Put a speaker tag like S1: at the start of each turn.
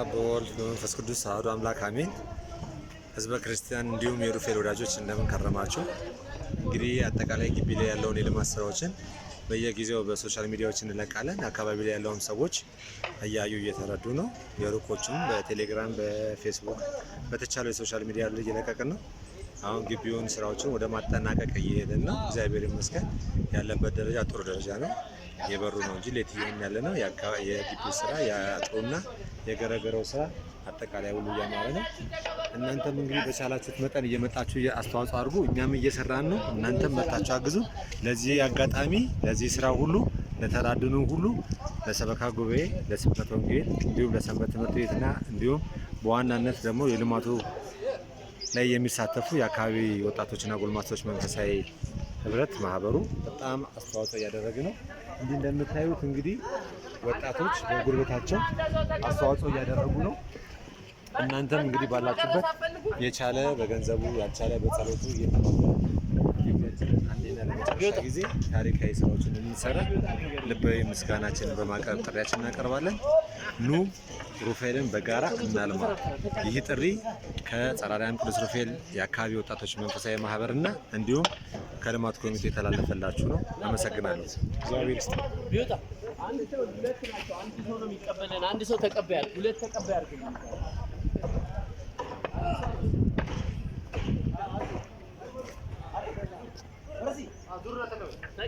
S1: አብ በወልድ በመንፈስ ቅዱስ አሐዱ አምላክ አሜን። ህዝበ ክርስቲያን እንዲሁም የሩፌል ወዳጆች እንደምን ከረማችሁ? እንግዲህ አጠቃላይ ግቢ ላይ ያለውን የልማት ስራዎችን በየጊዜው በሶሻል ሚዲያዎች እንለቃለን። አካባቢ ላይ ያለውም ሰዎች እያዩ እየተረዱ ነው። የሩቆችም በቴሌግራም በፌስቡክ በተቻለው የሶሻል ሚዲያ ላይ እየለቀቅን ነው። አሁን ግቢውን ስራዎችን ወደ ማጠናቀቅ እየሄደ ነው። እግዚአብሔር ይመስገን ያለበት ደረጃ ጥሩ ደረጃ ነው። የበሩ ነው እንጂ ሌት ያለ ነው። የግቢው ስራ የአጥሩና የገረገረው ስራ አጠቃላይ ሁሉ እያማረ ነው። እናንተም እንግዲህ በቻላችሁት መጠን እየመጣችሁ አስተዋጽኦ አድርጉ። እኛም እየሰራን ነው። እናንተም መጣችሁ አግዙ። ለዚህ አጋጣሚ ለዚህ ስራ ሁሉ ለተራድኑ ሁሉ ለሰበካ ጉባኤ፣ ለስብከተ ወንጌል እንዲሁም ለሰንበት ትምህርት ቤትና እንዲሁም በዋናነት ደግሞ የልማቱ ላይ የሚሳተፉ የአካባቢ ወጣቶችና ጎልማሶች መንፈሳዊ ህብረት ማህበሩ በጣም አስተዋጽኦ እያደረገ ነው። እንዲህ እንደምታዩት እንግዲህ ወጣቶች በጉልበታቸው አስተዋጽኦ እያደረጉ ነው። እናንተም እንግዲህ ባላችሁበት የቻለ በገንዘቡ ያልቻለ በጸሎቱ እየተመ ለመጨረሻ ጊዜ ታሪካዊ ስራዎችን እንሰራ ልባዊ ምስጋናችንን በማቅረብ ጥሪያችን እናቀርባለን። ኑ ሩፋኤልን በጋራ እናልማ። ይህ ጥሪ ከጸራሪያን ቅዱስ ሩፋኤል የአካባቢ ወጣቶች መንፈሳዊ ማህበርና እንዲሁም ከልማት ኮሚቴ የተላለፈላችሁ ነው። አመሰግናለሁ። እግዚአብሔር ይስጥ።